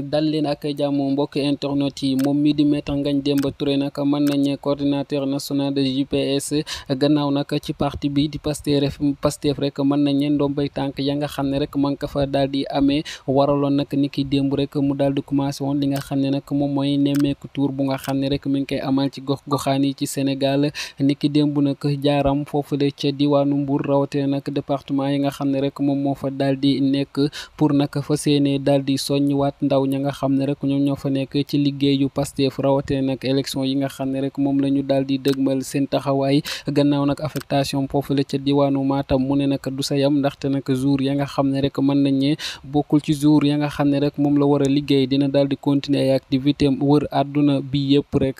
dal leen ak jàmm mbokk internet yi moom mi di Maître Ngagne Demba Touré nag mën nañ coordinateur national de JPS gannaaw nag ci parti bi di Pastef Pastef rek mën nañ ndombay tànk ya nga xam ne rek man ka fa daal di amee waraloon nag ni ki démb rek mu daal di commencé woon li nga xam ne nag moom mooy nemmeeku tour bu nga xam ne rek mi ngi koy amal ci gox goxaan yi ci Sénégal ni ki démb nag jaaram foofule ca diwaanu Mbour rawatina nag département yi nga xam ne rek moom moo fa daal di nekk pour nag fa séenee dal di soññiwaat ndaw ndaw ña nga xam ne rek ñoom ñoo fa nekk ci liggéeyu Pastef rawatina nag élection yi nga xam ne rek moom la ñu daal di dëgmal seen taxawaay gannaaw nag affectation foofu la ca diwaanu Matam mu ne nag du sa yam ndaxte nag jour ya nga xam ne rek mën nañ ñee bokkul ci jour ya nga xam ne rek moom la war a liggéey dina daal di continuer ay activité wër àdduna bi yëpp rek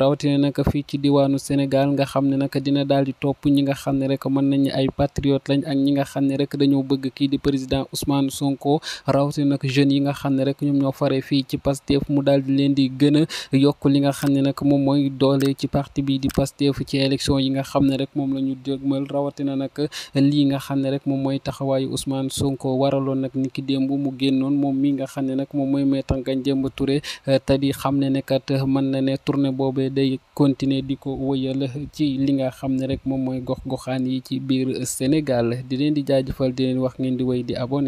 rawatina nag fii ci diwaanu Sénégal nga xam ne nag dina daal di topp ñi nga xam ne rek mën nañ ay patriote lañ ak ñi nga xam ne rek dañoo bëgg kii di président Ousmane ñoo fare fii ci Pastef mu daal di leen di gën a yokk li nga xam ne nag moom mooy doole ci parti bii di Pastef ci élection yi nga xam ne rek moom la ñu dégmal rawatina nag lii nga xam ne rek moom mooy taxawaayu Ousmane Sonko waraloon nag niki démb mu génnoon moom mii nga xam ne nag moom mooy Maître Ngagne Demba Touré eh, te di xam ne kat mën na ne tournée boobee day continuer di ko wëyal ci li nga xam ne rek moom mooy gox goxaan yi ci biir Sénégal di leen di jaajëfal di leen wax ngeen di woy di abon